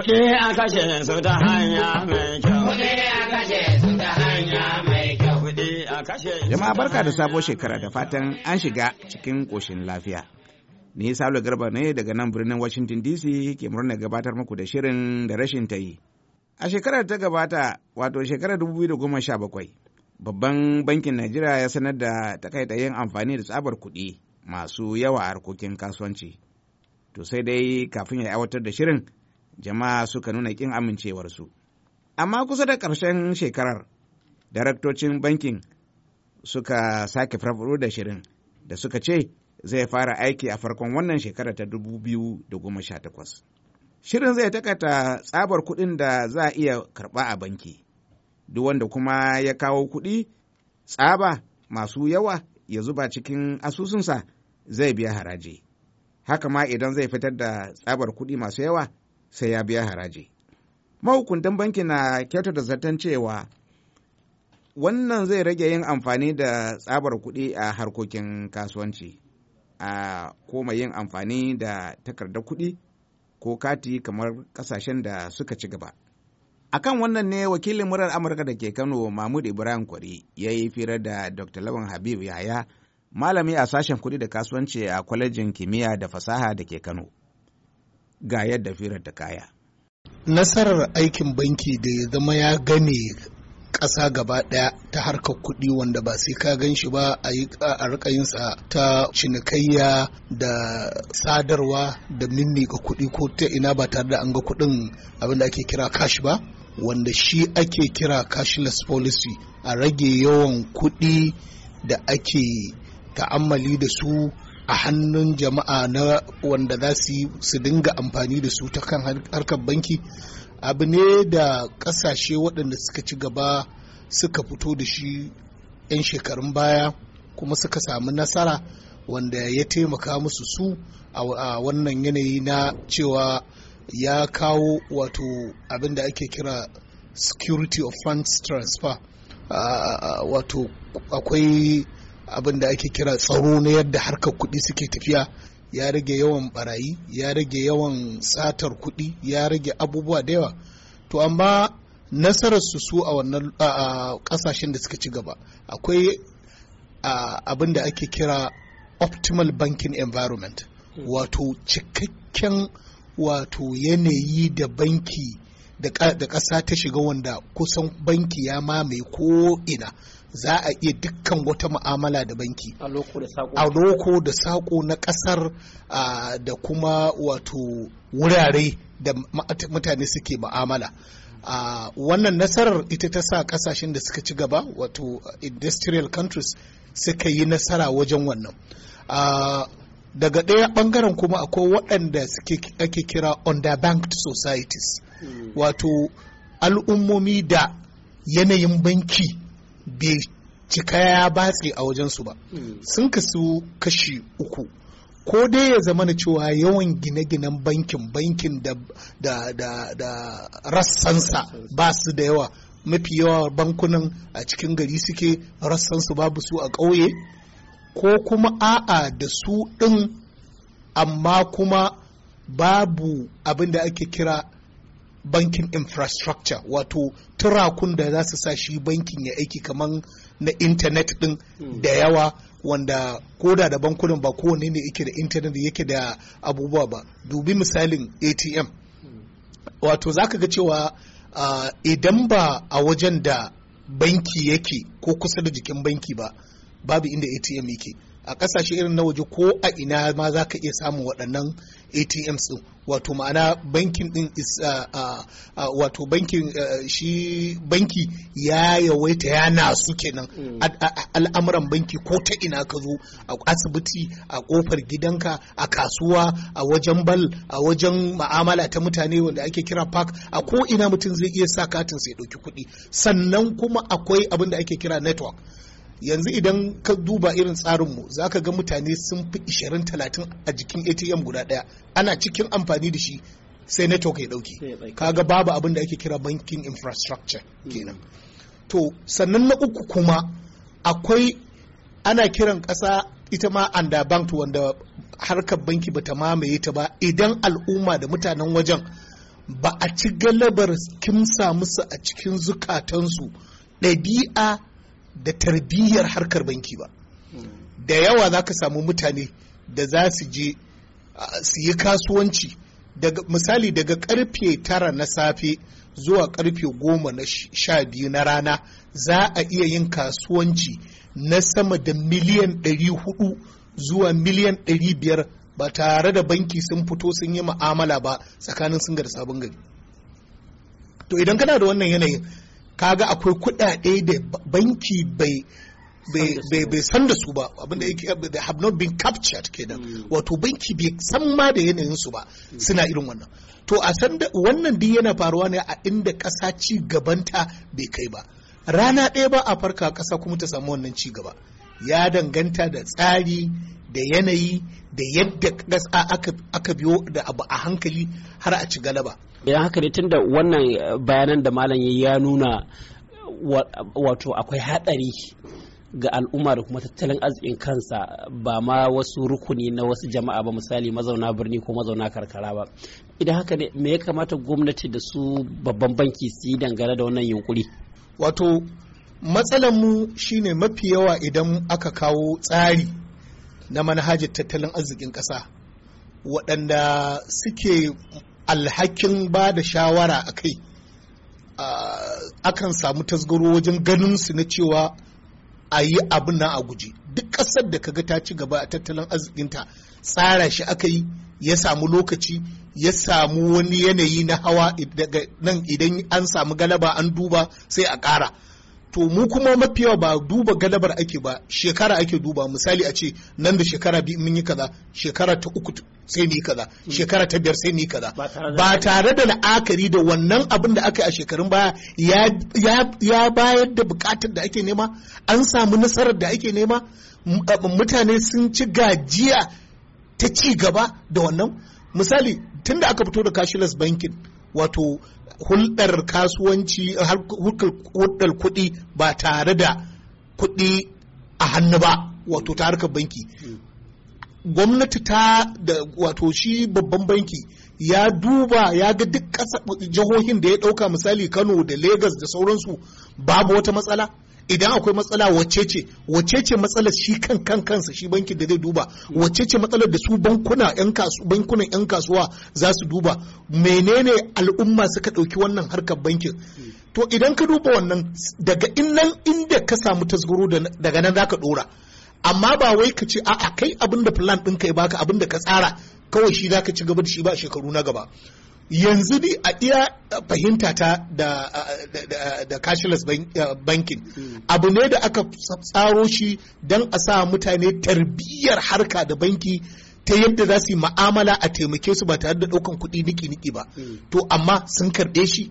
Kuɗi a kashe su ta hanya mai kyau. Kuɗi a kashe su ta hanya mai kyau. Kuɗi a kashe su Jama'a barka da sabo shekara da fatan an shiga cikin ƙoshin lafiya. Ni Salo Garba ne daga nan birnin Washington DC ke murna gabatar muku da shirin da rashin ta yi. A shekarar ta gabata, wato shekarar 2017, babban bankin Najeriya ya sanar da takaita yin amfani da tsabar kuɗi masu yawa a harkokin kasuwanci. To sai dai kafin ya aiwatar da shirin, jama'a suka nuna ƙin amincewarsu. Amma kusa da ƙarshen shekarar, daraktocin bankin suka sake farfaɗo da shirin da suka ce zai fara aiki a farkon wannan shekarar ta dubu biyu da sha takwas. Shirin zai takata tsabar kuɗin da za a iya karɓa a banki, duk wanda kuma ya kawo kuɗi tsaba masu yawa ya zuba cikin asusunsa zai biya haraji. Haka ma idan zai fitar da tsabar kuɗi masu yawa sai ya biya haraji mahukuntan banki na kyautata zaton cewa wannan zai rage yin amfani da tsabar kuɗi a harkokin kasuwanci a koma yin amfani da takardar kuɗi ko kati kamar ƙasashen da suka ci gaba A kan wannan ne wakilin murar amurka da ke kano mahmud ibrahim kwari ya yi fira da dr lawan habib yaya malami a sashen kuɗi da kasuwanci a kwalejin kimiyya da fasaha da ke kano ga yadda firar ta kaya nasarar aikin banki da ya zama ya gane ƙasa gaba ɗaya ta harkar kuɗi wanda ba sai ka gan shi ba a yi yinsa ta cinikayya da sadarwa da ga kuɗi ko ta ina ba tare da an ga kuɗin abin da ake kira cash ba wanda shi ake kira cashless policy a rage yawan kuɗi da ake ta'ammali da su a hannun jama'a na wanda za su dinga amfani da su ta kan harkar banki abu ne da kasashe waɗanda suka ci gaba suka fito da shi 'yan shekarun baya kuma suka samu nasara wanda ya taimaka musu su a wannan yanayi na cewa ya kawo wato abin da ake kira security of funds transfer wato akwai abin da ake kira tsaro na yadda harkar kuɗi suke tafiya ya rage yawan barayi ya rage yawan tsatar kuɗi ya rage abubuwa da yawa to amma nasarar su su a wannan kasashen da suka ci gaba akwai abin da ake kira optimal banking environment hmm. wato cikakken wato yanayi da banki da ƙasa ta shiga wanda kusan banki ya mamaye ko ina za a iya dukkan wata mu'amala da banki a loko da sako na ƙasar da kuma wato wurare da mutane suke mu'amala wannan nasarar ita ta sa ƙasashen da suka ci gaba wato industrial countries suka yi nasara wajen wannan daga ɗaya ɓangaren kuma akwai waɗanda ake kira underbanked societies wato al'ummomi da yanayin banki bai cika ya batse a wajensu ba sun kasu kashi uku ko dai ya zama na cewa yawan gine-ginen bankin bankin da, da, da, da rassansa ba su da yawa mafi yawa bankunan a cikin gari suke rassansu babu su a ƙauye ko kuma a'a da su ɗin amma kuma babu abin da ake kira bankin infrastructure wato turakun da za su sa shi bankin ya aiki kamar na intanet din hmm. da yawa wanda koda da bankunan ba kowane ne yake da intanet yake da abubuwa ba dubi misalin atm hmm. wato za ka ga cewa idan ba a wajen da banki yake ko kusa da jikin banki ba babu inda atm yake a kasashe irin na waje ko a ina ma za ka iya samun waɗannan atms din wato ma'ana bankin din is wato bankin shi banki ya yawaita ya nasu kenan hmm. al'amuran banki ko ta ina ka zo a asibiti a kofar gidanka a kasuwa a wajen bal a wajen ma'amala ta mutane wanda ake kira park a ko ina mutum zai iya sa katin sai ya ɗauki kuɗi sannan kuma akwai abin da ake kira network yanzu idan ka duba irin tsarinmu za ka ga mutane sun fi 20-30 a jikin atm guda daya ana cikin amfani da shi sai network ya dauke kaga babu abin da ake kira banking infrastructure hmm. kenan to sannan na uku kuma akwai ana kiran ƙasa ita ma underbanked wanda harkar banki bata mamaye ta ba idan al'umma da mutanen wajen ba a ci galabar kimsa musu a cikin zukatansu ɗabi'a da tarbiyyar harkar banki ba da yawa za ka samu mutane da za su je su yi kasuwanci misali daga karfe tara na safe zuwa karfe goma na sha biyu na rana za a iya yin kasuwanci na sama da miliyan ɗari 400 zuwa miliyan ɗari biyar ba tare da banki sun fito sun yi ma'amala ba tsakanin singa da sabon gari to idan kana da wannan yanayin kaga akwai kuɗaɗe da banki bai bai san da su ba abinda yake they have not been captured kenan mm. wato banki bai san ma da yanayin su ba mm. suna irin wannan to a san wannan din yana faruwa ne a inda kasa ci gabanta bai kai ba rana ɗaya ba a farka ƙasa kuma ta samu wannan ci gaba ya danganta da tsari da yanayi da yadda ƙasa aka biyo da abu a hankali har a ci galaba idan haka ne tunda wannan eh, bayanan da malam ya nuna wato akwai haɗari ga al'umma da kuma tattalin arzikin kansa ba ma wasu rukuni na wasu jama'a ba misali mazauna birni ko mazauna karkara ba idan haka ne me ya kamata gwamnati da su babban banki su yi dangane da wannan yunkuri wato matsalar mu shine mafi yawa idan aka kawo tsari na manhajar tattalin arzikin ƙasa waɗanda suke alhakin ba da shawara a kai akan samu tasgaro wajen ganin su na cewa a yi abin nan a guji duk ƙasar da kaga ta ci gaba a tattalin arzikinta tsara shi aka yi ya samu lokaci ya samu wani yanayi na hawa nan idan an samu galaba an duba sai a ƙara to mu kuma mafi yawa ba duba galabar ake ba shekara ake duba misali a ce nan da shekara biyu mun yi kaza shekara ta uku sai mu kaza mm. shekara ta biyar sai mu kaza ba tare da la'akari da wannan abin da aka yi a shekarun baya ya bayar da bukatar da ake nema an samu nasarar da ake nema mutane sun ci gajiya ta ci gaba da wannan misali tunda aka fito da cashless banking wato hulɗar kasuwanci hulɗar kuɗi ba tare da kuɗi a hannu ba wato ta harkar banki gwamnati ta da wato shi babban banki ya duba ya ga duk jihohin da ya ɗauka misali kano da Legas da sauransu babu wata matsala idan akwai matsala wacce ce wacce ce matsalar shi kan kan kansa shi bankin da zai duba wacce ce matsalar da su bankuna yan bankunan yan kasuwa za su duba menene al'umma suka ɗauki wannan harkar bankin to idan ka duba wannan daga innan inda ka samu tasgaro daga nan zaka dora amma ba wai ka ce a'a kai abinda da plan ɗinka ya baka abin da ka tsara kawai shi zaka ci gaba da shi ba shekaru na gaba yanzu ni a iya fahimta ta da, cashless banking hmm. abu ne da aka tsaro shi don a sa mutane tarbiyyar harka da banki ta yadda za su yi ma'amala a taimake su ba tare da ɗaukan kuɗi niki-niki ba hmm. to amma sun karɓe shi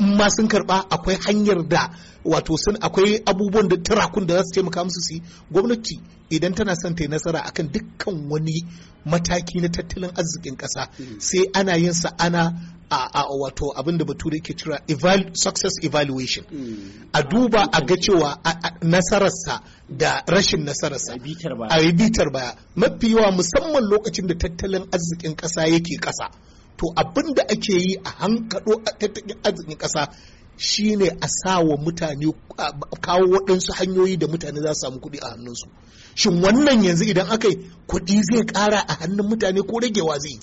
in ma sun karba akwai hanyar da wato sun akwai abubuwan da turakun da za su taimaka musu su yi gwamnati idan tana son ta yi nasara akan dukkan wani mataki na tattalin arzikin kasa mm. sai ana yin sa ana a wato abin da bature ke cira success evaluation mm. a duba a ga mm. cewa nasararsa da rashin nasararsa a bitar baya mafi yawa musamman lokacin da tattalin arzikin kasa yake kasa to abin da ake yi a a tattakin arzikin ƙasa shine a sa wa mutane kawo waɗansu hanyoyi da mutane za su samu kuɗi a hannunsu shin wannan yanzu idan aka yi kuɗi zai ƙara a hannun mutane ko ragewa zai yi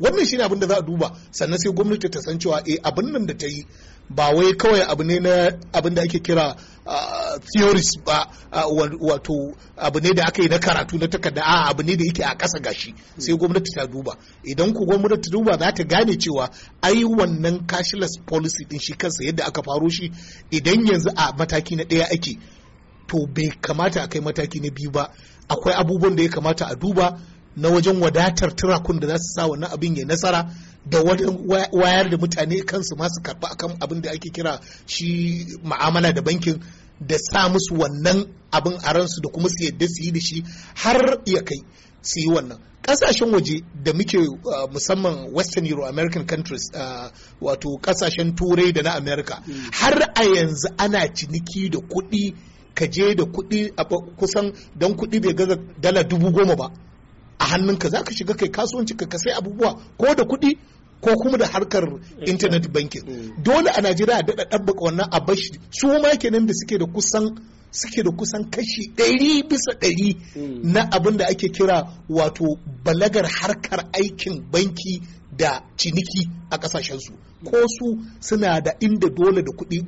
wannan shine abin da za a duba sannan sai gwamnati ta san cewa eh abin nan da ta yi ba wai kawai abu ne na abin da ake kira theories ba wato abu ne da aka yi na karatu na takarda a abu ne da yake a ƙasa gashi sai gwamnati ta duba idan ku gwamnati ta duba za ta gane cewa ai wannan cashless policy din shi kansa yadda aka faro shi idan yanzu a mataki na ɗaya ake to bai kamata a kai mataki na biyu ba akwai abubuwan da ya kamata a duba na wajen wadatar turakun da za su sa wannan abin ya nasara da wajen wayar da mutane kansu masu karba akan abin da ake kira shi ma'amala da bankin da sa musu wannan abin a ransu da kuma su yadda su yi da shi har ya kai su yi wannan kasashen waje da muke uh, musamman western euro american countries uh, wato kasashen turai da na america mm. har a yanzu ana ciniki da kuɗi kaje je da kuɗi kusan don kuɗi bai gaza dala dubu goma ba a hannunka za ka shiga kai kasuwanci ka sai abubuwa ko da kuɗi ko kuma da harkar internet banking mm. dole a najeriya a daɗa ɗabbaka wannan a bashi su ma kenan da suke da kusan suke da kusan kashi ɗari bisa ɗari mm. na abin da ake kira wato balagar harkar aikin banki da ciniki a ƙasashensu ko su suna da inda dole da kuɗi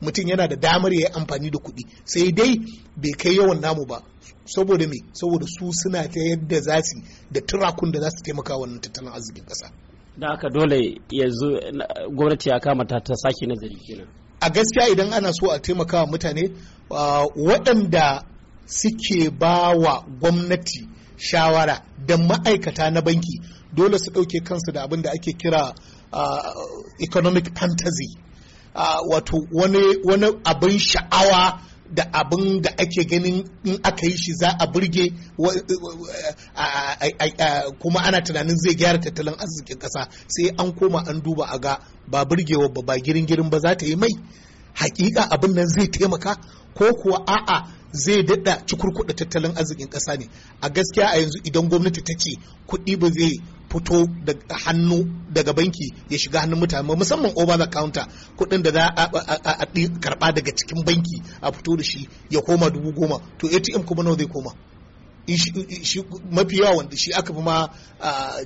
mutum yana da damar ya yi amfani da kuɗi sai dai bai kai yawan namu ba saboda me saboda su suna ta yadda za su da turakun da za su taimaka wannan tattalin arzikin ƙasa. da aka dole yanzu gwamnati ya kama ta sake nazari kenan a gaskiya idan ana so a taimaka mutane waɗanda suke ba wa gwamnati shawara da ma'aikata na banki dole su ɗauke kansu da abin da ake kira economic fantasy wato wani abin sha'awa da abin da ake ganin in aka yi shi za a burge kuma ana tunanin zai gyara tattalin arzikin ƙasa sai an koma an duba a ga ba burgewa ba ba girin girin ba za ta yi mai hakika abin nan zai taimaka ko kuwa a'a zai daɗa cikurkuɗa tattalin arzikin ƙasa ne a gaskiya a yanzu idan gwamnati ta ce kuɗi ba zai fito da hannu daga banki ya shiga hannun mutane musamman over the counter kuɗin da za a karɓa daga cikin banki a fito da shi ya koma dubu goma to atm kuma nawa zai koma mafi yawa wanda shi aka fi ma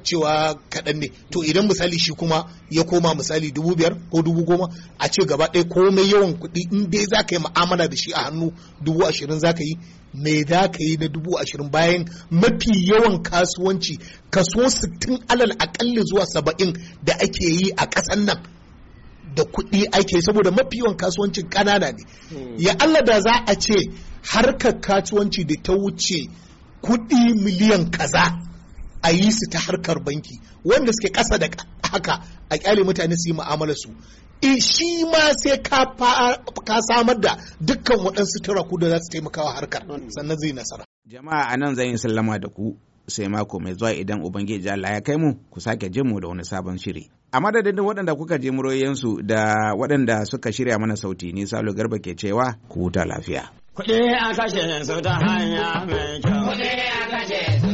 cewa kaɗan ne to idan misali shi kuma ya koma misali dubu biyar ko dubu goma a ce gaba ɗaya ko komai yawan kuɗi in dai za ka yi ma'amala da shi a hannu dubu ashirin za ka yi me za ka yi na dubu ashirin bayan mafi yawan kasuwanci kaso sittin alal akalli zuwa saba'in da ake yi a ƙasan nan da kuɗi ake saboda mafi yawan kasuwancin ƙanana ne hmm. ya Allah da za a ce harkar kasuwanci da ta wuce kuɗi miliyan kaza a yi su ta harkar banki wanda suke kasa da haka a ƙyale mutane su yi mu'amala su eh, shi ma sai ka samar da dukkan waɗansu turaku da za su taimaka harkar sannan zai nasara jama'a a nan zan yi sallama da ku sai mako mai zuwa idan ubangiji Allah ya kai mu ku sake jin mu da wani sabon shiri a madadin waɗanda kuka je muroyensu da waɗanda suka shirya mana sauti ni salo garba ke cewa ku huta lafiya Kuɗi a kashe su ta hanya mai kyau. Kuɗi a kashe su